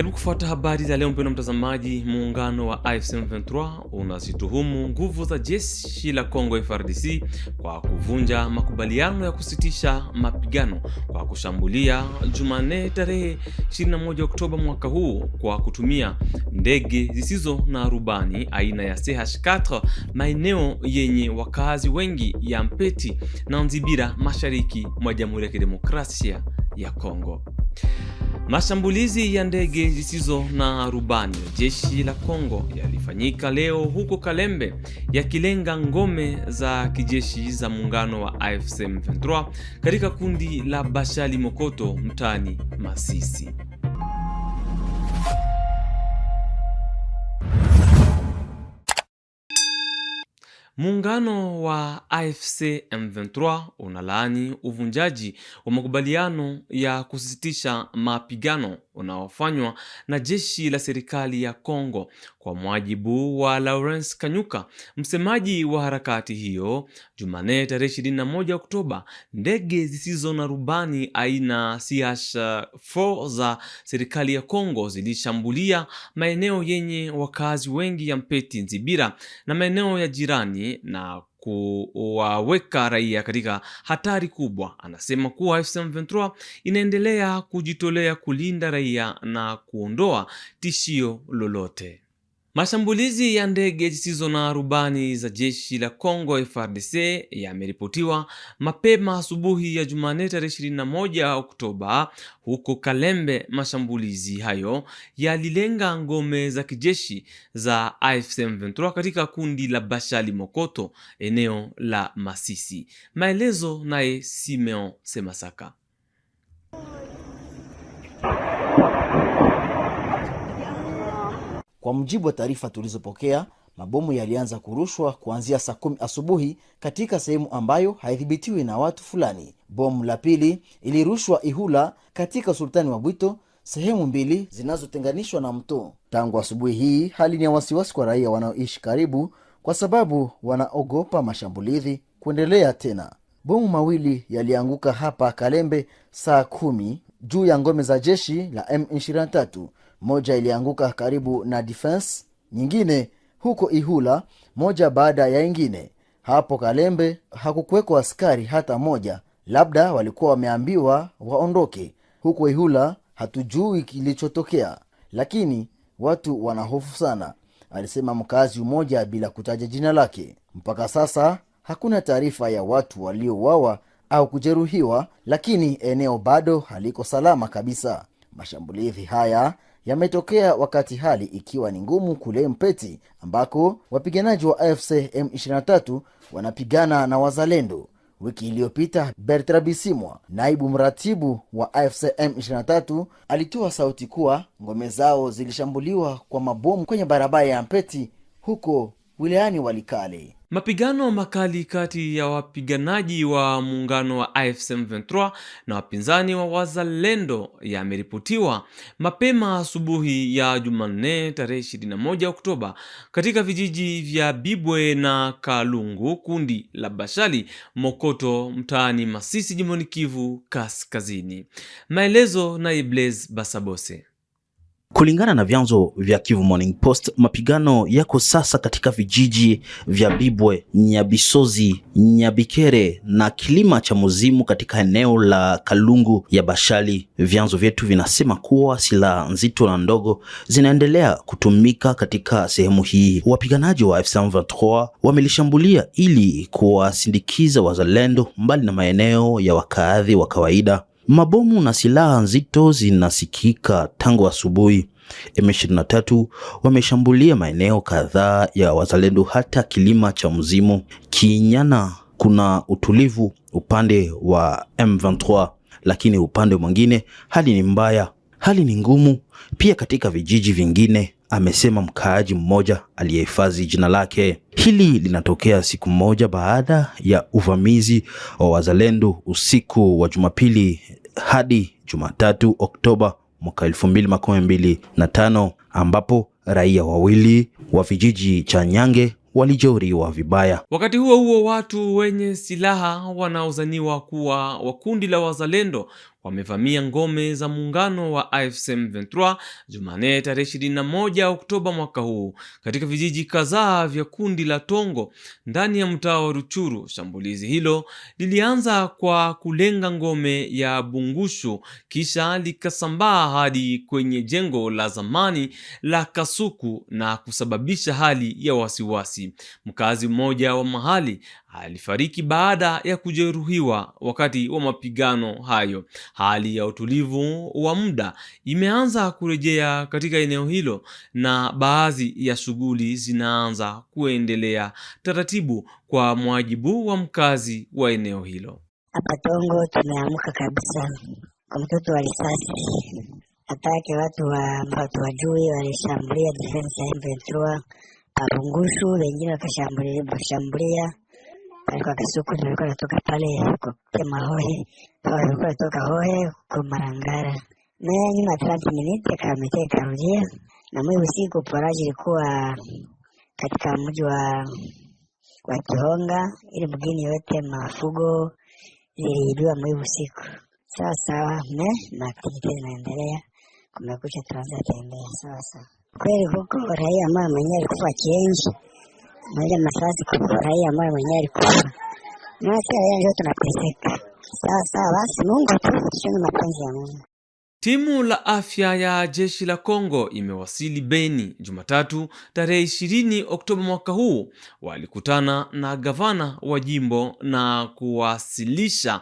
Karibu kufuata habari za leo mpendwa mtazamaji. Muungano wa AFC M23 unazituhumu nguvu za jeshi la Kongo frdc kwa kuvunja makubaliano ya kusitisha mapigano kwa kushambulia Jumanne tarehe 21 Oktoba mwaka huu kwa kutumia ndege zisizo na rubani aina ya CH4 maeneo yenye wakazi wengi ya Mpeti na Nzibira mashariki mwa Jamhuri ya Kidemokrasia ya Kongo. Mashambulizi ya ndege zisizo na rubani ya jeshi la Kongo yalifanyika leo huko Kalembe yakilenga ngome za kijeshi za muungano wa AFC M23 katika kundi la Bashali Mokoto mtaani Masisi. Muungano wa AFC M23 unalaani uvunjaji wa makubaliano ya kusitisha mapigano unaofanywa na jeshi la serikali ya Kongo. Kwa mwajibu wa Lawrence Kanyuka, msemaji wa harakati hiyo, Jumanne tarehe 21 Oktoba, ndege zisizo na rubani aina CH4 za serikali ya Kongo zilishambulia maeneo yenye wakazi wengi ya Mpeti Nzibira na maeneo ya jirani Marekani na kuwaweka raia katika hatari kubwa. Anasema kuwa M23 inaendelea kujitolea kulinda raia na kuondoa tishio lolote. Mashambulizi ya ndege zisizo na rubani za jeshi la Kongo FARDC yameripotiwa mapema asubuhi ya Jumanne tarehe 21 Oktoba huko Kalembe. Mashambulizi hayo yalilenga ngome za kijeshi za AFC M23 katika kundi la Bashali Mokoto eneo la Masisi. Maelezo naye Simeon Semasaka. Kwa mujibu wa taarifa tulizopokea, mabomu yalianza kurushwa kuanzia saa kumi asubuhi katika sehemu ambayo haidhibitiwi na watu fulani. Bomu la pili ilirushwa Ihula katika usultani wa Bwito, sehemu mbili zinazotenganishwa na mto. Tangu asubuhi hii, hali ni ya wasiwasi kwa raia wanaoishi karibu, kwa sababu wanaogopa mashambulizi kuendelea tena. Bomu mawili yalianguka hapa Kalembe saa kumi juu ya ngome za jeshi la m moja ilianguka karibu na defense nyingine huko ihula moja baada ya ingine hapo kalembe hakukuwekwa askari hata moja labda walikuwa wameambiwa waondoke huko ihula hatujui kilichotokea lakini watu wanahofu sana alisema mkazi mmoja bila kutaja jina lake mpaka sasa hakuna taarifa ya watu waliouawa au kujeruhiwa lakini eneo bado haliko salama kabisa mashambulizi haya yametokea wakati hali ikiwa ni ngumu kule Mpeti ambako wapiganaji wa AFC M23 wanapigana na wazalendo. Wiki iliyopita bertra Bisimwa, naibu mratibu wa AFC M23, alitoa sauti kuwa ngome zao zilishambuliwa kwa mabomu kwenye barabara ya Mpeti huko wilayani Walikale. Mapigano makali kati ya wapiganaji wa muungano wa AFC M23 na wapinzani wa Wazalendo yameripotiwa mapema asubuhi ya Jumanne tarehe 21 Oktoba katika vijiji vya Bibwe na Kalungu, kundi la Bashali Mokoto, mtaani Masisi, jimboni Kivu Kaskazini. Maelezo na Blaise Basabose. Kulingana na vyanzo vya Kivu Morning Post, mapigano yako sasa katika vijiji vya Bibwe, Nyabisozi, Nyabikere na kilima cha Muzimu katika eneo la Kalungu ya Bashali. Vyanzo vyetu vinasema kuwa silaha nzito na ndogo zinaendelea kutumika katika sehemu hii. Wapiganaji wa M23 wamelishambulia ili kuwasindikiza wazalendo mbali na maeneo ya wakaadhi wa kawaida. Mabomu na silaha nzito zinasikika tangu asubuhi. M23 wameshambulia maeneo kadhaa ya wazalendo hata kilima cha Mzimu. Kinyana kuna utulivu upande wa M23, lakini upande mwingine hali ni mbaya, hali ni ngumu pia katika vijiji vingine, amesema mkaaji mmoja aliyehifadhi jina lake. Hili linatokea siku moja baada ya uvamizi wa wazalendo usiku wa Jumapili hadi Jumatatu Oktoba mwaka 2025 ambapo raia wawili wa vijiji cha Nyange walijeruhiwa vibaya. Wakati huo huo, watu wenye silaha wanaozaniwa kuwa wa kundi la wazalendo wamevamia ngome za muungano wa AFC M23 Jumanne tarehe 21 Oktoba mwaka huu katika vijiji kadhaa vya kundi la Tongo ndani ya mtaa wa Ruchuru. Shambulizi hilo lilianza kwa kulenga ngome ya Bungushu kisha likasambaa hadi kwenye jengo la zamani la Kasuku na kusababisha hali ya wasiwasi. Mkazi mmoja wa mahali alifariki baada ya kujeruhiwa wakati wa mapigano hayo. Hali ya utulivu wa muda imeanza kurejea katika eneo hilo na baadhi ya shughuli zinaanza kuendelea taratibu, kwa mwajibu wa mkazi wa eneo hilo. Hapa Tongo tumeamka kabisa kwa mtoto wa risasi, hatake watu watu wajui walishambulia defense ya M23 wengine wakashambulia walikuwa Kisuku, walikuwa natoka pale kwa Mahohe, walikuwa natoka Hohe kwa Marangara na ya nyuma thelathini minutes akamekea ikarudia, na mwe usiku poraji ilikuwa katika mji wa kwa Kihonga, ili mgini yote mafugo ziliibiwa mwe usiku. Sawa sawa, me na aktiviti zinaendelea, kumekucha tunaanza tembea. Sawa sawa, kweli huko raia mama mwenyewe alikufa kienji na ile masasi kufurahia moyo mwenyewe alikufa. Nasi leo ndio tunateseka. Sawa sawa, basi Mungu tu shini mapenzi ya Mungu. Timu la afya ya jeshi la Kongo imewasili Beni Jumatatu tarehe 20 Oktoba mwaka huu. Walikutana na gavana wa jimbo na kuwasilisha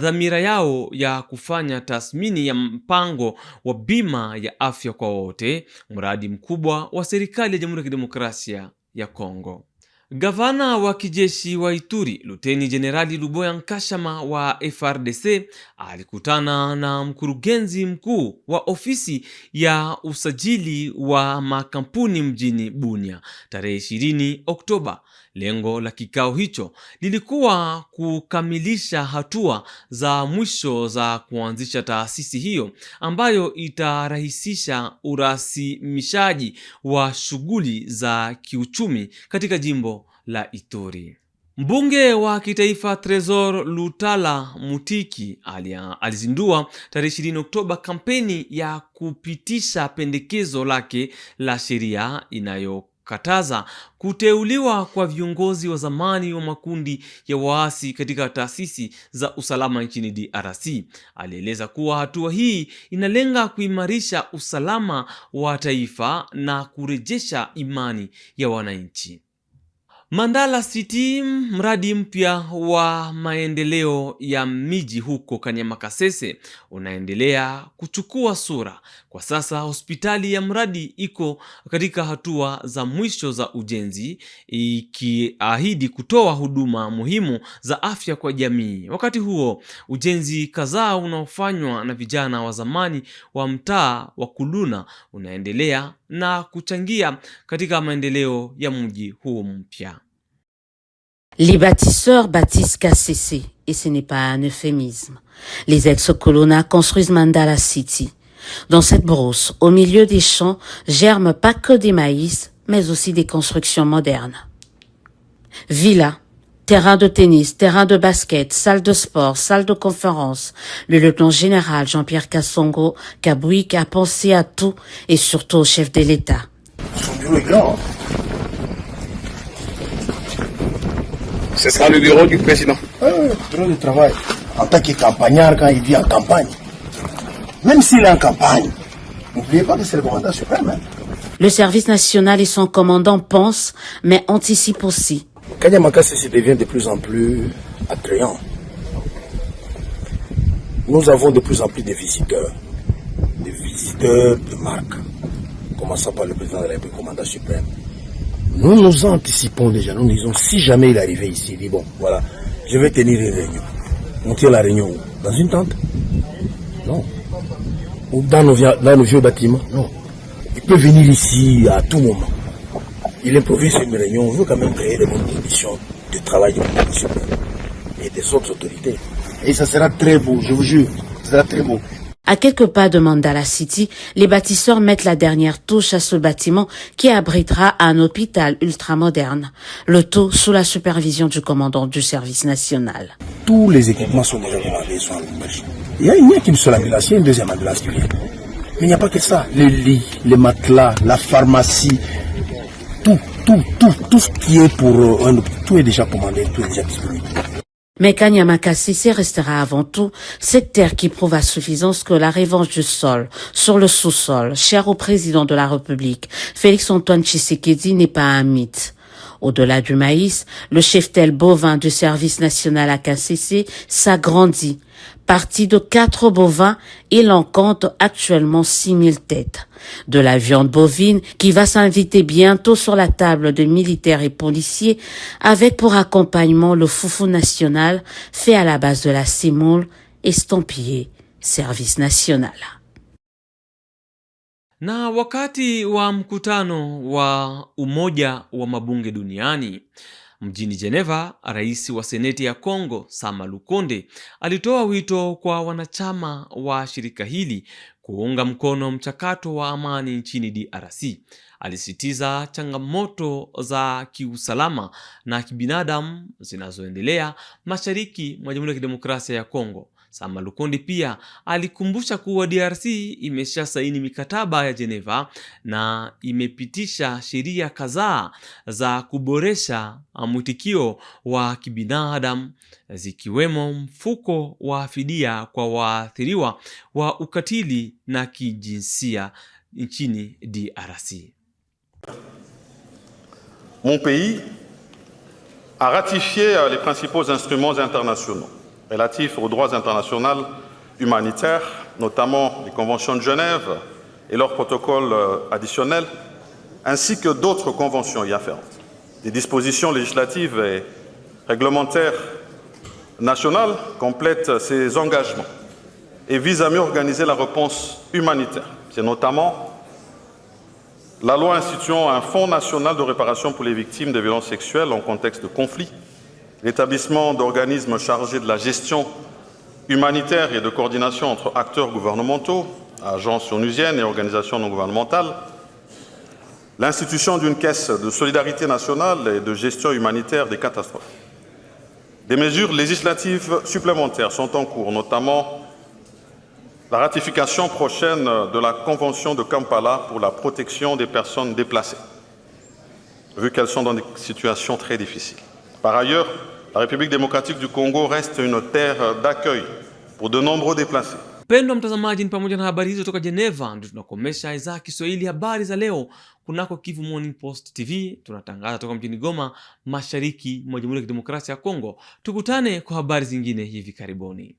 dhamira yao ya kufanya tathmini ya mpango wa bima ya afya kwa wote, mradi mkubwa wa serikali ya Jamhuri ya Kidemokrasia ya Kongo. Gavana wa kijeshi wa Ituri Luteni Jenerali Luboya Nkashama wa FRDC alikutana na mkurugenzi mkuu wa ofisi ya usajili wa makampuni mjini Bunia tarehe 20 Oktoba Lengo la kikao hicho lilikuwa kukamilisha hatua za mwisho za kuanzisha taasisi hiyo ambayo itarahisisha urasimishaji wa shughuli za kiuchumi katika jimbo la Ituri. Mbunge wa kitaifa Tresor Lutala Mutiki alizindua tarehe 20 Oktoba kampeni ya kupitisha pendekezo lake la sheria inayo kataza kuteuliwa kwa viongozi wa zamani wa makundi ya waasi katika taasisi za usalama nchini DRC. Alieleza kuwa hatua hii inalenga kuimarisha usalama wa taifa na kurejesha imani ya wananchi. Mandala City, mradi mpya wa maendeleo ya miji huko Kanyamakasese unaendelea kuchukua sura. Kwa sasa hospitali ya mradi iko katika hatua za mwisho za ujenzi, ikiahidi kutoa huduma muhimu za afya kwa jamii. Wakati huo, ujenzi kadhaa unaofanywa na vijana wa zamani wa mtaa wa Kuluna unaendelea na kuchangia katika maendeleo ya mji huu mpya. Les bâtisseurs bâtissent KCC, et ce n'est pas un euphémisme. Les ex-colonna construisent Mandala City. Dans cette brousse, au milieu des champs, germent pas que des maïs, mais aussi des constructions modernes. Villa, terrain de tennis, terrain de basket, salle de sport, salle de conférence. Le lieutenant général Jean-Pierre Kassongo Kabouik a pensé à tout et surtout au chef de l'État. ce sera le bureau du président. le euh, bureau de travail. En tant que campagnard, quand il dit en campagne, même s'il est en campagne, n'oubliez pas que c'est le commandant suprême. Hein. Le service national et son commandant pensent, mais anticipent aussi. ceci devient de plus en plus attrayant. Nous avons de plus en plus de visiteurs, des visiteurs de marque, commençant par le président de la République, commandant suprême. Nous nous anticipons déjà. Nous disons, si jamais il arrivait ici, il dit, bon, voilà, je vais tenir une réunion. On tient la réunion Dans une tente Non. Ou dans nos, vieux bâtiments Non. Il peut venir ici à tout moment. Il improvise une réunion. On veut quand même créer des bonnes conditions de travail de et des autres autorités. Et ça sera très beau, je vous jure. Ça sera très beau. À quelques pas de Mandala City, les bâtisseurs mettent la dernière touche à ce bâtiment qui abritera un hôpital ultramoderne, le tout sous la supervision du commandant du service national. Tous les équipements sont déjà commandés, Il y a une, seule sur il y a une deuxième ambulance Mais il n'y a pas que ça. Les lits, les matelas, la pharmacie, tout, tout, tout, tout ce qui est pour euh, un hôpital, tout est déjà commandé, tout est déjà disponible. Mais kCC restera avant tout cette terre qui prouve à suffisance que la revanche du sol sur le sous-sol, cher au président de la République, Félix-Antoine Tshisekedi, n'est pas un mythe. Au-delà du maïs, le tel bovin du service national à KCC s'agrandit Parti de quatre bovins, il en compte actuellement 6000 têtes. De la viande bovine qui va s'inviter bientôt sur la table de militaires et policiers avec pour accompagnement le foufou national fait à la base de la semoule estampillé service national. Mjini Geneva, rais wa seneti ya Kongo Sama Lukonde alitoa wito kwa wanachama wa shirika hili kuunga mkono mchakato wa amani nchini DRC. Alisitiza changamoto za kiusalama na kibinadamu zinazoendelea mashariki mwa Jamhuri ya Kidemokrasia ya Kongo. Sama pia alikumbusha kuwa DRC imesha saini mikataba ya Geneva na imepitisha sheria kadhaa za kuboresha mwitikio wa kibinadamu zikiwemo mfuko wa fidia kwa waathiriwa wa ukatili na kijinsia nchini DRC. Mon pays a ratifié euh, les principaux instruments internationaux relatifs aux droits internationaux humanitaires, notamment les conventions de Genève et leurs protocoles euh, additionnels, ainsi que d'autres conventions y afférentes. Des dispositions législatives et réglementaires nationales complètent ces engagements et visent à mieux organiser la réponse humanitaire. C'est notamment la loi instituant un Fonds national de réparation pour les victimes de violences sexuelles en contexte de conflit, l'établissement d'organismes chargés de la gestion humanitaire et de coordination entre acteurs gouvernementaux, agences onusiennes et organisations non gouvernementales, l'institution d'une caisse de solidarité nationale et de gestion humanitaire des catastrophes. Des mesures législatives supplémentaires sont en cours, notamment la ratification prochaine de la Convention de Kampala pour la protection des personnes déplacées, vu qu'elles sont dans des situations très difficiles. Par ailleurs, la République démocratique du Congo reste une terre d'accueil pour de nombreux déplacés. pendwa mtazamaji, ni pamoja na habari hizo toka Geneva, ndio tunakomesha idhaa Kiswahili habari za leo kunako Kivu Morning Post TV. Tunatangaza toka mjini Goma, mashariki mwa Jamhuri ya Kidemokrasia ya Kongo. Tukutane kwa habari zingine hivi karibuni.